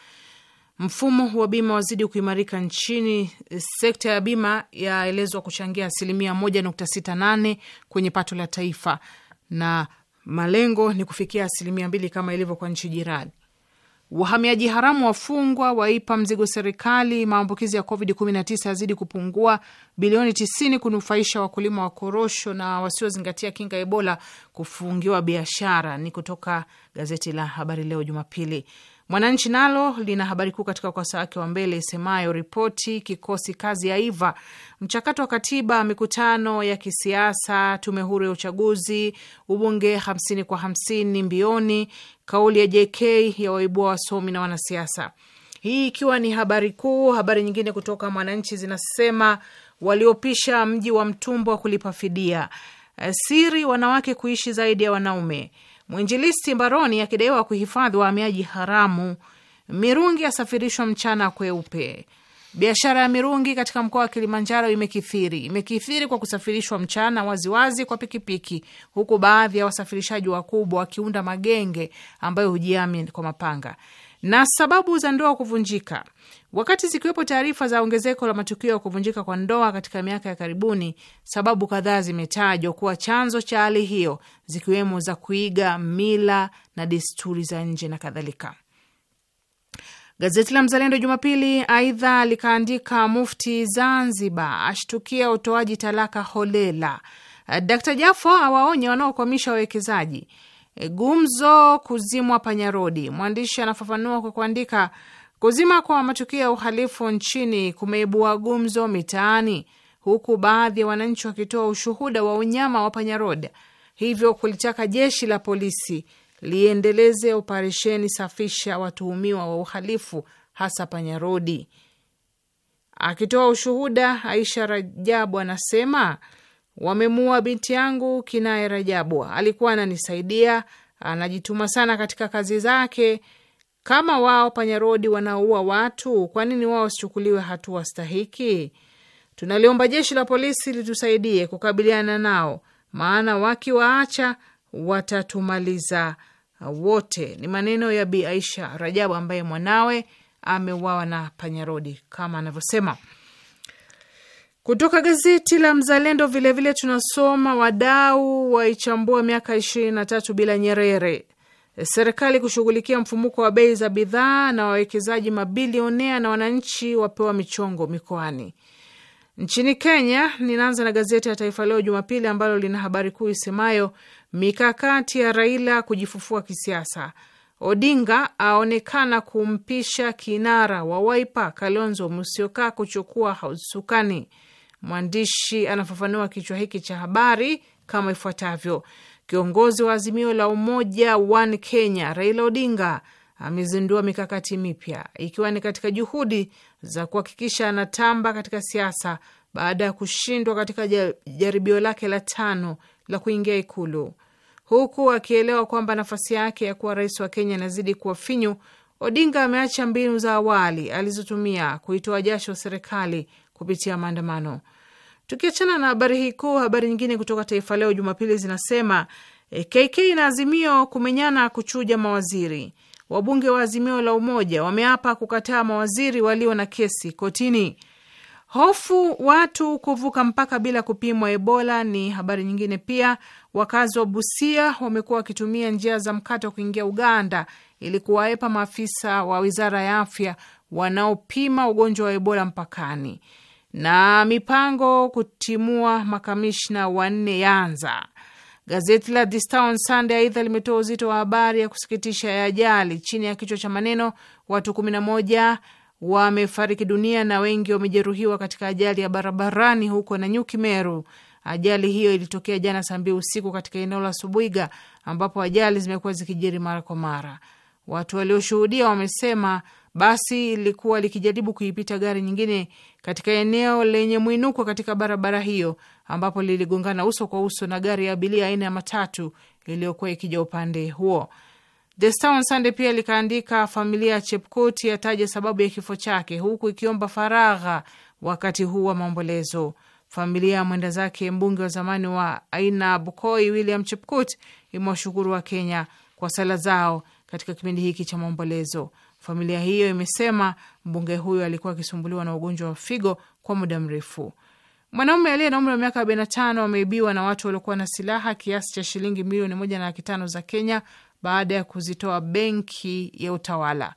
mfumo wa bima wazidi kuimarika nchini, sekta ya bima yaelezwa kuchangia asilimia 1.68 kwenye pato la taifa na malengo ni kufikia asilimia mbili kama ilivyo kwa nchi jirani. Wahamiaji haramu wafungwa waipa mzigo serikali. Maambukizi ya COVID-19 yazidi kupungua. Bilioni 90 kunufaisha wakulima wa korosho na wasiozingatia kinga Ebola kufungiwa biashara. Ni kutoka gazeti la Habari Leo Jumapili. Mwananchi nalo lina habari kuu katika ukurasa wake wa mbele isemayo ripoti kikosi kazi ya iva mchakato wa katiba, mikutano ya kisiasa, tume huru ya uchaguzi, ubunge hamsini kwa hamsini mbioni, kauli ya JK ya waibua wasomi na wanasiasa. Hii ikiwa ni habari kuu. Habari nyingine kutoka Mwananchi zinasema waliopisha mji wa mtumbwa kulipa fidia, eh, siri wanawake kuishi zaidi ya wanaume Mwinjilisti mbaroni akidaiwa kuhifadhi wahamiaji haramu. Mirungi asafirishwa mchana kweupe. Biashara ya mirungi katika mkoa wa Kilimanjaro imekithiri. Imekithiri kwa kusafirishwa mchana waziwazi wazi kwa pikipiki, huku baadhi ya wasafirishaji wakubwa wakiunda magenge ambayo hujiami kwa mapanga na sababu za ndoa kuvunjika, wakati zikiwepo taarifa za ongezeko la matukio ya kuvunjika kwa ndoa katika miaka ya karibuni. Sababu kadhaa zimetajwa kuwa chanzo cha hali hiyo, zikiwemo za kuiga mila na desturi za nje na kadhalika. Gazeti la Mzalendo Jumapili aidha likaandika Mufti Zanzibar ashtukia utoaji talaka holela, Dkt Jafo awaonye wanaokwamisha wawekezaji E, gumzo kuzimwa panyarodi. Mwandishi anafafanua kwa kuandika, kuzima kwa matukio ya uhalifu nchini kumeibua gumzo mitaani, huku baadhi ya wananchi wakitoa ushuhuda wa unyama wa panyaroda hivyo kulitaka jeshi la polisi liendeleze operesheni safisha watuhumiwa wa uhalifu, hasa panyarodi. Akitoa ushuhuda, Aisha Rajabu anasema Wamemuua binti yangu Kinaye Rajabu, alikuwa ananisaidia, anajituma sana katika kazi zake. Kama wao panyarodi wanaua watu, kwa nini wao wasichukuliwe hatua stahiki? Tunaliomba jeshi la polisi litusaidie kukabiliana nao, maana wakiwaacha watatumaliza wote. Ni maneno ya Bi Aisha Rajabu ambaye mwanawe ameuawa na panyarodi kama anavyosema. Kutoka gazeti la Mzalendo vilevile vile tunasoma wadau waichambua miaka ishirini na tatu bila Nyerere, serikali kushughulikia mfumuko wa bei za bidhaa na wawekezaji mabilionea na wananchi wapewa michongo mikoani. Nchini Kenya, ninaanza na gazeti la Taifa Leo Jumapili ambalo lina habari kuu isemayo mikakati ya Raila kujifufua kisiasa, Odinga aonekana kumpisha kinara wa Waipa Kalonzo Musyoka kuchukua hausukani Mwandishi anafafanua kichwa hiki cha habari kama ifuatavyo: Kiongozi wa Azimio la Umoja One Kenya Raila Odinga amezindua mikakati mipya ikiwa ni katika juhudi za kuhakikisha anatamba katika siasa baada ya kushindwa katika jaribio lake la tano la kuingia Ikulu. Huku akielewa kwamba nafasi yake ya kuwa rais wa Kenya inazidi kuwa finyu, Odinga ameacha mbinu za awali alizotumia kuitoa jasho serikali kupitia maandamano. Tukiachana na habari hii kuu, habari nyingine kutoka Taifa Leo Jumapili zinasema KK eh, na Azimio kumenyana kuchuja mawaziri. Wabunge wa Azimio la Umoja wameapa kukataa mawaziri walio na kesi kotini. Hofu watu kuvuka mpaka bila kupimwa Ebola ni habari nyingine pia. Wakazi wa Busia wamekuwa wakitumia njia za mkato kuingia Uganda ili kuwaepa maafisa wa wizara ya afya wanaopima ugonjwa wa Ebola mpakani na mipango kutimua makamishna wanne Yanza. Gazeti la The Sunday aidha limetoa uzito wa habari ya kusikitisha ya ajali chini ya kichwa cha maneno watu moja wamefariki dunia na wengi wamejeruhiwa katika ajali ya barabarani huko Nanyuki, Meru. Ajali hiyo ilitokea jana saa mbili usiku katika eneo la Subuiga, ambapo ajali zimekuwa zikijiri mara kwa mara. Watu walioshuhudia wamesema basi lilikuwa likijaribu kuipita gari nyingine katika eneo lenye mwinuko katika barabara hiyo, ambapo liligongana uso kwa uso na gari ya abiria aina ya matatu iliyokuwa ikija upande huo. The Star Sunday pia likaandika, familia ya Chepkut yataja sababu ya kifo chake, huku ikiomba faragha wakati huu wa maombolezo. Familia ya mwenda zake mbunge wa zamani wa aina Bukoi William Chepkut imewashukuru wa Kenya kwa sala zao katika kipindi hiki cha maombolezo. Familia hiyo imesema mbunge huyo alikuwa akisumbuliwa na ugonjwa wa figo kwa muda mrefu. Mwanaume aliye na umri wa miaka 45 ameibiwa na watu waliokuwa na silaha kiasi cha shilingi milioni moja na laki tano za Kenya baada ya kuzitoa benki ya utawala.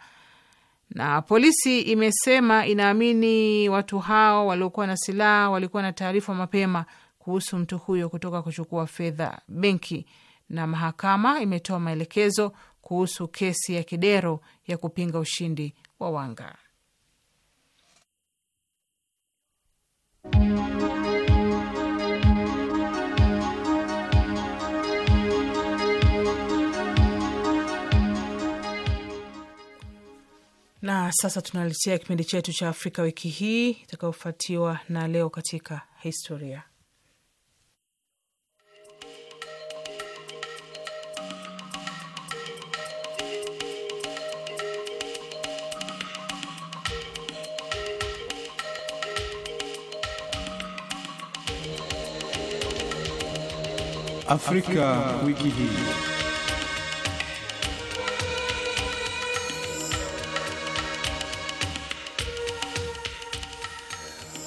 Na polisi imesema inaamini watu hao waliokuwa na silaha walikuwa na taarifa mapema kuhusu mtu huyo kutoka kuchukua fedha benki. Na mahakama imetoa maelekezo kuhusu kesi ya Kidero ya kupinga ushindi wa Wanga. Na sasa tunaletea kipindi chetu cha Afrika wiki hii itakayofuatiwa na leo katika historia. Afrika, wiki hii.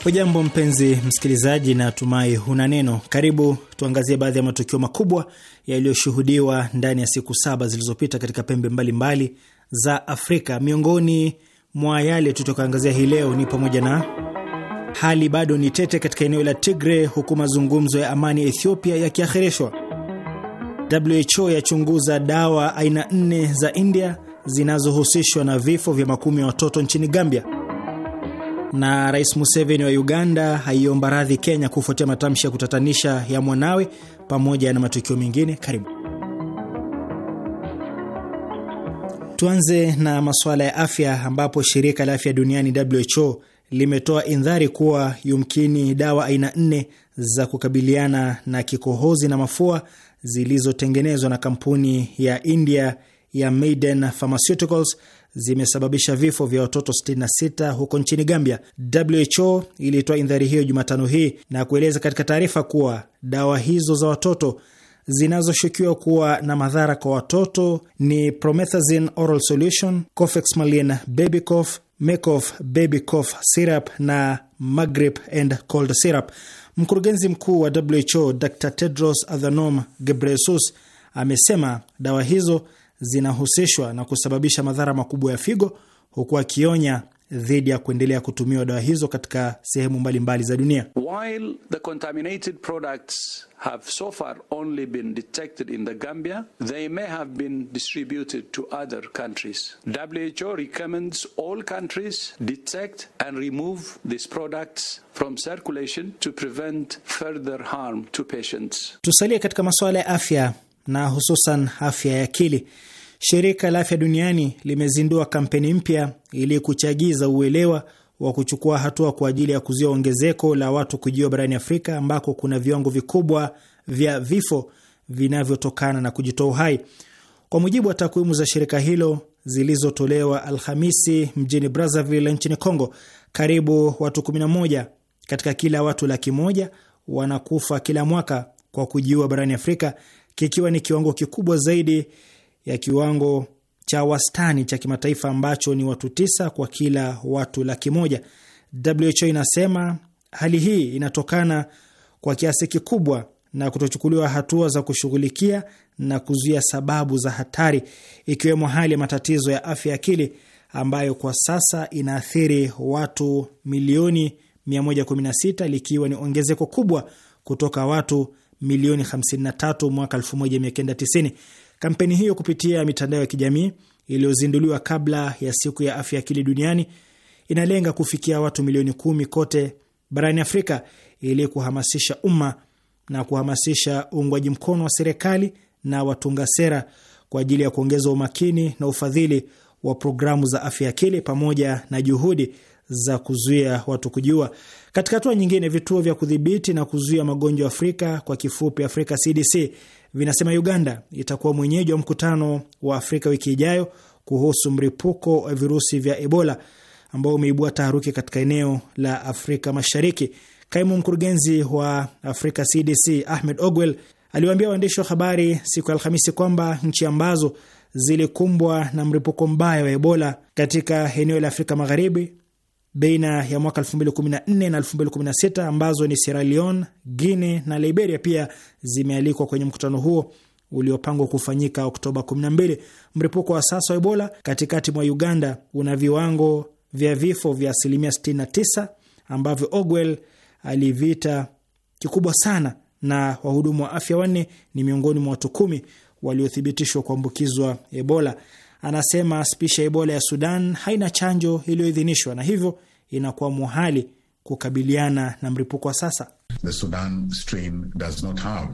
Hujambo mpenzi msikilizaji, na tumai huna neno. Karibu tuangazie baadhi ya matukio makubwa yaliyoshuhudiwa ndani ya siku saba zilizopita katika pembe mbalimbali mbali za Afrika. Miongoni mwa yale tutakaangazia hii leo ni pamoja na hali bado ni tete katika eneo la Tigre, huku mazungumzo ya amani ya Ethiopia yakiakhirishwa. WHO yachunguza dawa aina nne za India zinazohusishwa na vifo vya makumi ya watoto nchini Gambia, na Rais Museveni wa Uganda aiomba radhi Kenya kufuatia matamshi ya kutatanisha ya mwanawe, pamoja na matukio mengine. Karibu tuanze na masuala ya afya, ambapo shirika la afya duniani WHO limetoa indhari kuwa yumkini dawa aina nne za kukabiliana na kikohozi na mafua zilizotengenezwa na kampuni ya India ya Maiden Pharmaceuticals zimesababisha vifo vya watoto 66 huko nchini Gambia. WHO ilitoa indhari hiyo Jumatano hii na kueleza katika taarifa kuwa dawa hizo za watoto zinazoshukiwa kuwa na madhara kwa watoto ni promethazine oral solution, cofexmalin baby cough, Macof baby cough syrup na Magrip and cold syrup. Mkurugenzi mkuu wa WHO Dr Tedros Adhanom Ghebreyesus amesema dawa hizo zinahusishwa na kusababisha madhara makubwa ya figo, huku akionya dhidi ya kuendelea kutumiwa dawa hizo katika sehemu mbalimbali za dunia. While the contaminated products have so far only been detected in the Gambia, they may have been distributed to other countries. WHO recommends all countries detect and remove these products from circulation to prevent further harm to patients. Tusalie katika masuala ya afya na hususan afya ya akili. Shirika la Afya Duniani limezindua kampeni mpya ili kuchagiza uelewa wa kuchukua hatua kwa ajili ya kuzuia ongezeko la watu kujiua barani Afrika ambako kuna viwango vikubwa vya vifo vinavyotokana na kujitoa uhai. Kwa mujibu wa takwimu za shirika hilo zilizotolewa Alhamisi mjini Brazzaville nchini Congo, karibu watu 11 katika kila watu laki moja wanakufa kila mwaka kwa kujiua barani Afrika, kikiwa ni kiwango kikubwa zaidi ya kiwango cha wastani cha kimataifa ambacho ni watu tisa kwa kila watu laki moja. WHO inasema hali hii inatokana kwa kiasi kikubwa na kutochukuliwa hatua za kushughulikia na kuzuia sababu za hatari, ikiwemo hali ya matatizo ya afya ya akili ambayo kwa sasa inaathiri watu milioni 116 likiwa ni ongezeko kubwa kutoka watu milioni 53 mwaka 1990. Kampeni hiyo kupitia mitandao ya kijamii iliyozinduliwa kabla ya siku ya afya akili duniani inalenga kufikia watu milioni kumi kote barani Afrika ili kuhamasisha umma na kuhamasisha uungwaji mkono wa serikali na watunga sera kwa ajili ya kuongeza umakini na ufadhili wa programu za afya akili pamoja na juhudi za kuzuia watu kujua Katika hatua nyingine, vituo vya kudhibiti na kuzuia magonjwa Afrika, kwa kifupi Afrika CDC, vinasema Uganda itakuwa mwenyeji wa mkutano wa Afrika wiki ijayo kuhusu mripuko wa virusi vya Ebola ambao umeibua taharuki katika eneo la Afrika Mashariki. Kaimu mkurugenzi wa Afrika CDC Ahmed Ogwell aliwaambia waandishi wa habari siku ya Alhamisi kwamba nchi ambazo zilikumbwa na mripuko mbaya wa Ebola katika eneo la Afrika Magharibi baina ya mwaka 2014 na 2016 ambazo ni Sierra Leone, Guinea na Liberia pia zimealikwa kwenye mkutano huo uliopangwa kufanyika Oktoba 12. Mripuko wa sasa wa Ebola katikati mwa Uganda una viwango vya vifo vya asilimia 69 ambavyo Ogwell alivita kikubwa sana, na wahudumu wa afya wanne ni miongoni mwa watu kumi waliothibitishwa kuambukizwa Ebola anasema spisha Ebola ya Sudan haina chanjo iliyoidhinishwa na hivyo inakuwa muhali kukabiliana na mlipuko wa sasa. The Sudan strain does not have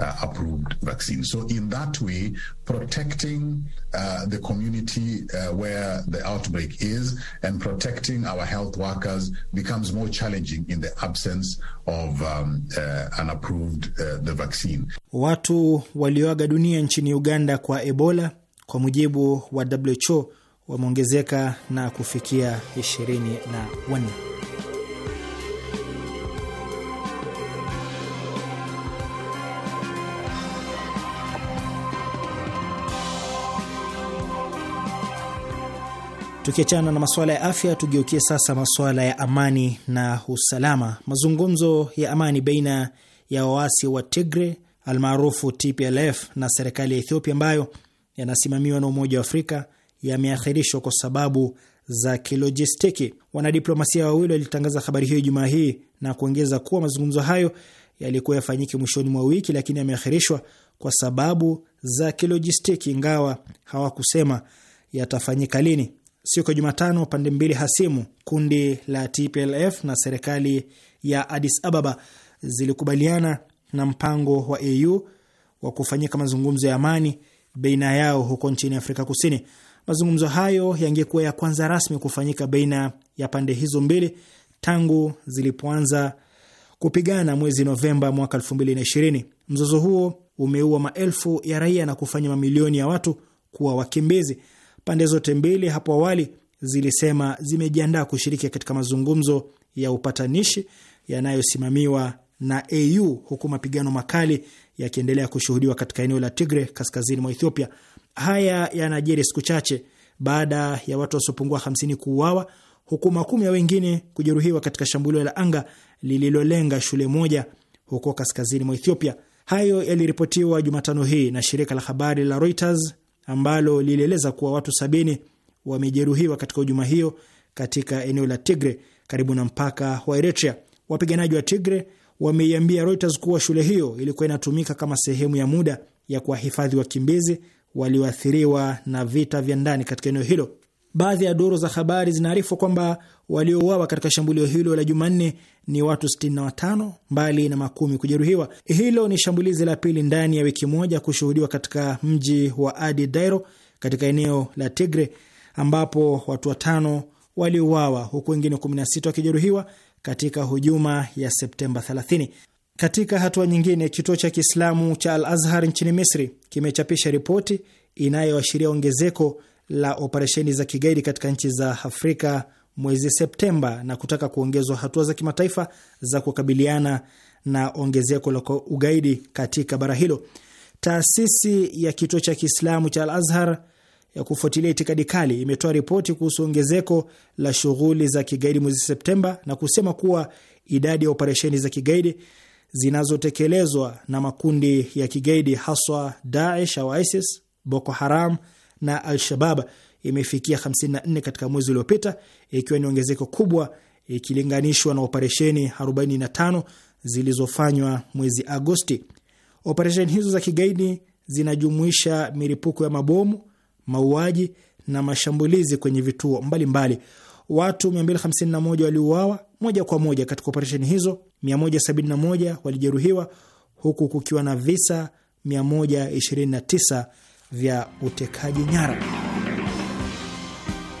Uh, approved vaccine. So in that way, protecting uh, the community uh, where the outbreak is and protecting our health workers becomes more challenging in the absence of um, uh, an approved uh, the vaccine. Watu walioaga dunia nchini Uganda kwa Ebola kwa mujibu wa WHO wameongezeka na kufikia 24. Tukiachana na masuala ya afya, tugeukie sasa masuala ya amani na usalama. Mazungumzo ya amani baina ya waasi wa Tigre almaarufu TPLF na serikali ya Ethiopia ambayo yanasimamiwa na Umoja wa Afrika yameahirishwa kwa sababu za kilojistiki. Wanadiplomasia wawili walitangaza habari hiyo Ijumaa hii na kuongeza kuwa mazungumzo hayo yalikuwa yafanyike mwishoni mwa wiki, lakini yameahirishwa kwa sababu za kilojistiki, ingawa hawakusema yatafanyika lini. Siku ya Jumatano, pande mbili hasimu, kundi la TPLF na serikali ya Addis Ababa, zilikubaliana na mpango wa AU wa kufanyika mazungumzo ya amani baina yao huko nchini Afrika Kusini. Mazungumzo hayo yangekuwa ya kwanza rasmi kufanyika baina ya pande hizo mbili tangu zilipoanza kupigana mwezi Novemba mwaka 2020. Mzozo huo umeua maelfu ya raia na kufanya mamilioni ya watu kuwa wakimbizi. Pande zote mbili hapo awali zilisema zimejiandaa kushiriki katika mazungumzo ya upatanishi yanayosimamiwa na AU huku mapigano makali yakiendelea kushuhudiwa katika eneo la Tigre kaskazini mwa Ethiopia. Haya yanajiri siku chache baada ya watu wasiopungua 50 kuuawa huku makumi ya wengine kujeruhiwa katika shambulio la anga lililolenga shule moja huko kaskazini mwa Ethiopia. Hayo yaliripotiwa Jumatano hii na shirika la habari la Reuters ambalo lilieleza kuwa watu sabini wamejeruhiwa katika hujuma hiyo katika eneo la Tigre karibu na mpaka wa Eritrea. Wapiganaji wa Tigre wameiambia Reuters kuwa shule hiyo ilikuwa inatumika kama sehemu ya muda ya kuwahifadhi wakimbizi walioathiriwa na vita vya ndani katika eneo hilo. Baadhi ya duru za habari zinaarifu kwamba waliouawa katika shambulio hilo la Jumanne ni watu 65 mbali na makumi kujeruhiwa. Hilo ni shambulizi la pili ndani ya wiki moja kushuhudiwa katika mji wa Adi Dairo katika eneo la Tigre ambapo watu watano waliuawa huku wengine 16 wakijeruhiwa katika hujuma ya Septemba 30. Katika hatua nyingine, kituo cha Kiislamu cha Al Azhar nchini Misri kimechapisha ripoti inayoashiria ongezeko la operesheni za kigaidi katika nchi za Afrika mwezi Septemba na kutaka kuongezwa hatua za kimataifa za kukabiliana na ongezeko la ugaidi katika bara hilo. Taasisi ya kituo cha Kiislamu cha Al Azhar ya kufuatilia itikadi kali imetoa ripoti kuhusu ongezeko la shughuli za kigaidi mwezi Septemba na kusema kuwa idadi ya operesheni za kigaidi zinazotekelezwa na makundi ya kigaidi haswa Daesh au ISIS, Boko Haram na Al-Shabab imefikia 54 katika mwezi uliopita, ikiwa ni ongezeko kubwa ikilinganishwa na operesheni 45 zilizofanywa mwezi Agosti. Operesheni hizo za kigaidi zinajumuisha miripuko ya mabomu mauaji na mashambulizi kwenye vituo mbalimbali mbali. Watu 251 waliuawa moja kwa moja katika operesheni hizo, 171 walijeruhiwa huku kukiwa na visa 129 vya utekaji nyara.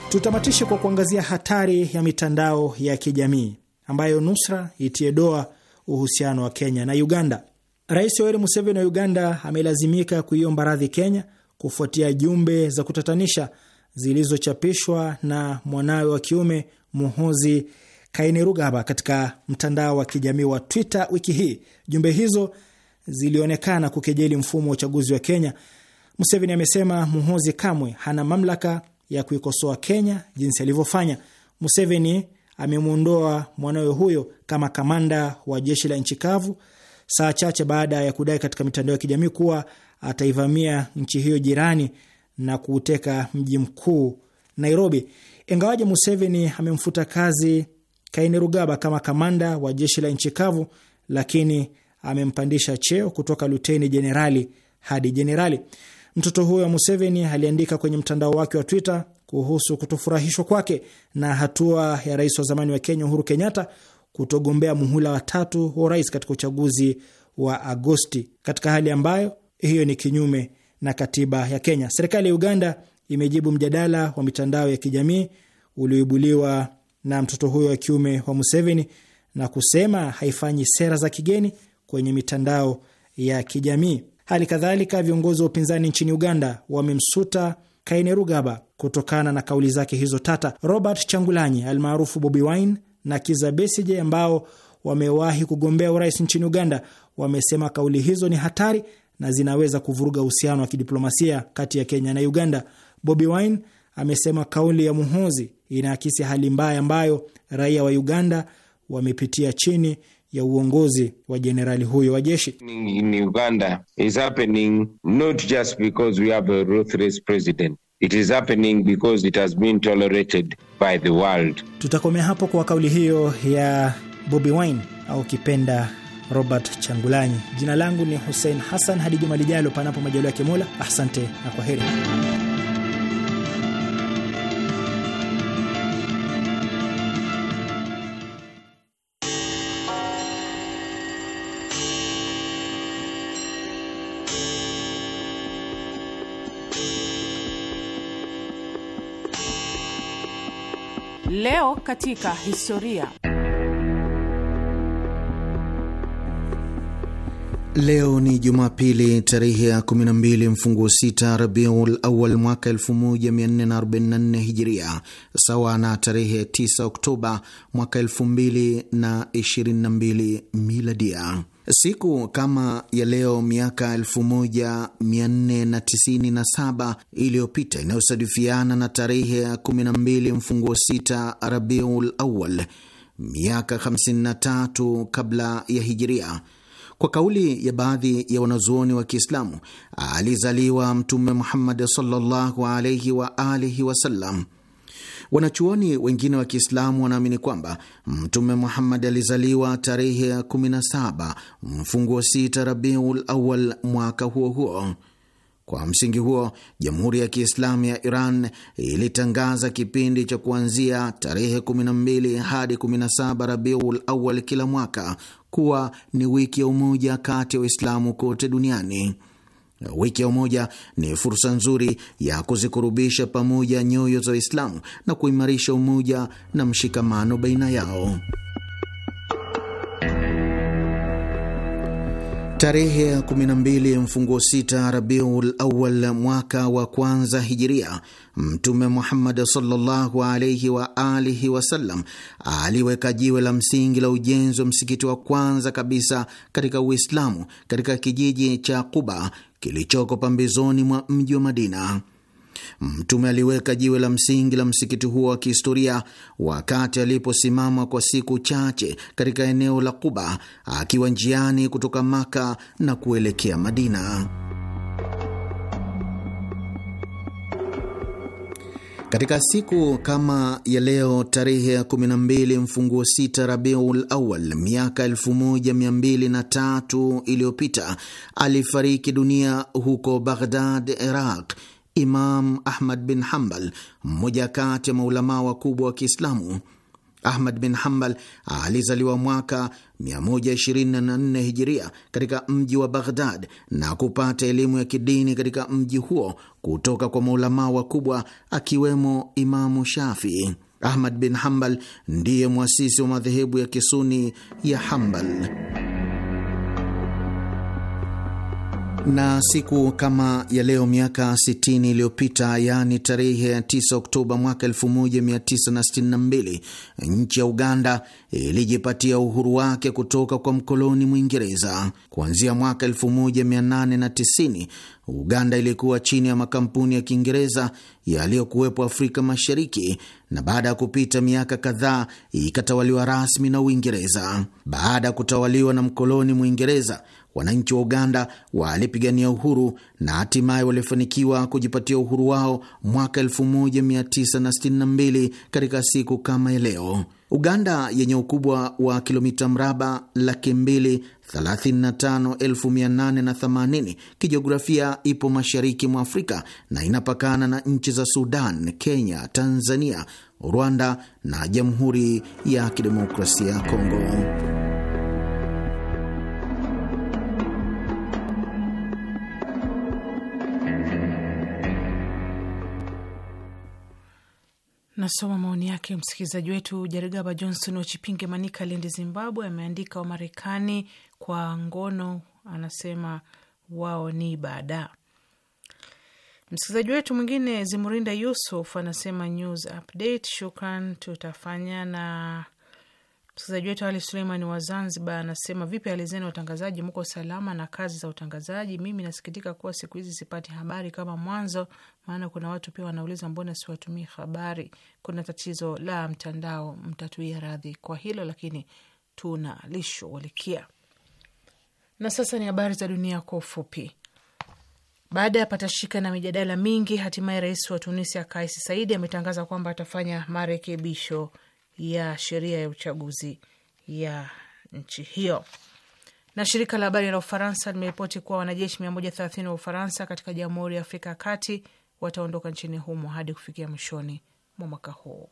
Tutamatishe kwa kuangazia hatari ya mitandao ya kijamii ambayo nusra itie doa uhusiano wa Kenya na Uganda. Rais Yoweri Museveni wa Uganda amelazimika kuiomba radhi Kenya kufuatia jumbe za kutatanisha zilizochapishwa na mwanawe wa kiume Muhozi Kainerugaba katika mtandao wa kijamii wa Twitter wiki hii. Jumbe hizo zilionekana kukejeli mfumo wa uchaguzi wa Kenya. Museveni amesema Muhozi kamwe hana mamlaka ya kuikosoa Kenya jinsi alivyofanya. Museveni amemwondoa mwanawe huyo kama kamanda wa jeshi la nchi kavu saa chache baada ya kudai katika mitandao ya kijamii kuwa ataivamia nchi hiyo jirani na kuuteka mji mkuu Nairobi. Ingawaje Museveni amemfuta kazi Kainerugaba kama kamanda wa jeshi la nchi kavu, lakini amempandisha cheo kutoka luteni jenerali hadi jenerali. Mtoto huyo wa Museveni aliandika kwenye mtandao wake wa Twitter kuhusu kutofurahishwa kwake na hatua ya rais wa zamani wa Kenya Uhuru Kenyatta kutogombea muhula wa tatu wa urais katika uchaguzi wa Agosti, katika hali ambayo hiyo ni kinyume na katiba ya Kenya. Serikali ya Uganda imejibu mjadala wa mitandao ya kijamii ulioibuliwa na mtoto huyo wa kiume wa Museveni na kusema haifanyi sera za kigeni kwenye mitandao ya kijamii. Hali kadhalika, viongozi wa upinzani nchini Uganda wamemsuta Kainerugaba kutokana na kauli zake hizo tata. Robert Changulanyi almaarufu Bobi Wine na Kiza Besigye ambao wamewahi kugombea urais nchini Uganda wamesema kauli hizo ni hatari na zinaweza kuvuruga uhusiano wa kidiplomasia kati ya Kenya na Uganda. Bobi Wine amesema kauli ya Muhozi inaakisi hali mbaya ambayo raia wa Uganda wamepitia chini ya uongozi wa jenerali huyo wa jeshi. In Uganda is happening not just because we have a ruthless president. It is happening because it has been tolerated by the world. Tutakomea hapo kwa kauli hiyo ya Bobi Wine au kipenda Robert Changulanyi. Jina langu ni Hussein Hassan, hadi juma lijalo, panapo majaliwa yake Mola. Asante na kwa heri. Leo katika historia. Leo ni Jumapili tarehe ya 12 mfunguo 6 Rabiul Awal mwaka 1444 Hijiria, sawa na tarehe 9 Oktoba mwaka 2022 Miladia. Siku kama ya leo miaka 1497 iliyopita inayosadifiana na tarehe ya 12 mfunguo 6 Rabiul Awal, miaka 53 kabla ya Hijiria kwa kauli ya baadhi ya wanazuoni wa Kiislamu, alizaliwa Mtume Muhammad sallallahu alaihi wa alihi wasallam. Wanachuoni wengine wa Kiislamu wanaamini kwamba Mtume Muhammad alizaliwa tarehe ya 17 mfunguo sita Rabiul Awal mwaka huo huo. Kwa msingi huo, Jamhuri ya Kiislamu ya Iran ilitangaza kipindi cha kuanzia tarehe 12 hadi 17 Rabiul Awal kila mwaka kuwa ni wiki ya umoja kati ya Waislamu kote duniani. Wiki ya umoja ni fursa nzuri ya kuzikurubisha pamoja nyoyo za Waislamu na kuimarisha umoja na mshikamano baina yao. Tarehe ya 12 mfunguo 6 Rabiul Awal mwaka wa kwanza hijiria, Mtume Muhammad sallallahu alaihi wa alihi wasallam aliweka jiwe la msingi la ujenzi wa msikiti wa kwanza kabisa katika Uislamu katika kijiji cha Quba kilichoko pambezoni mwa mji wa Madina. Mtume aliweka jiwe la msingi la msikiti huo wa kihistoria wakati aliposimama kwa siku chache katika eneo la Kuba akiwa njiani kutoka Maka na kuelekea Madina. Katika siku kama ya leo tarehe ya 12 mfunguo 6 Rabiul Awal miaka 1203 iliyopita alifariki dunia huko Baghdad, Iraq Imam Ahmad bin Hambal, mmoja kati ya maulamaa wakubwa wa Kiislamu. Ahmad bin Hambal alizaliwa mwaka 124 hijiria katika mji wa Baghdad na kupata elimu ya kidini katika mji huo kutoka kwa maulamaa wakubwa akiwemo Imamu Shafii. Ahmad bin Hambal ndiye mwasisi wa madhehebu ya kisuni ya Hambal. Na siku kama ya leo miaka 60 iliyopita, yaani tarehe ya 9 Oktoba mwaka 1962, nchi ya Uganda ilijipatia uhuru wake kutoka kwa mkoloni Mwingereza. Kuanzia mwaka 1890 Uganda ilikuwa chini ya makampuni ya Kiingereza yaliyokuwepo Afrika Mashariki, na baada ya kupita miaka kadhaa ikatawaliwa rasmi na Uingereza. Baada ya kutawaliwa na mkoloni Mwingereza, wananchi wa Uganda walipigania uhuru na hatimaye walifanikiwa kujipatia uhuru wao mwaka 1962 katika siku kama ya leo. Uganda yenye ukubwa wa kilomita mraba laki mbili kijiografia ipo mashariki mwa Afrika na inapakana na nchi za Sudan, Kenya, Tanzania, Rwanda na Jamhuri ya Kidemokrasia ya Kongo. Nasoma maoni yake msikilizaji wetu Jarigaba Johnson Wachipinge Manika Lindi, Zimbabwe, ameandika Wamarekani kwa ngono, anasema wao ni bada Msikilizaji wetu mwingine Zimurinda Yusuf anasema news update, shukran, tutafanya na Mtangazaji wetu Ali Suleiman wa Zanzibar anasema vipi, hali zenu watangazaji, mko salama na kazi za utangazaji? Mimi nasikitika kuwa siku hizi sipati habari kama mwanzo, maana kuna watu pia wanauliza mbona siwatumii habari. Kuna tatizo la mtandao, mtatuia radhi kwa hilo, lakini tunalishughulikia. Na sasa ni habari za dunia kwa ufupi. Baada ya patashika na mijadala mingi, hatimaye rais wa Tunisia Kais Saidi ametangaza kwamba atafanya marekebisho ya sheria ya uchaguzi ya nchi hiyo. Na shirika la habari la Ufaransa limeripoti kuwa wanajeshi 130 wa Ufaransa katika Jamhuri ya Afrika ya Kati wataondoka nchini humo hadi kufikia mwishoni mwa mwaka huu.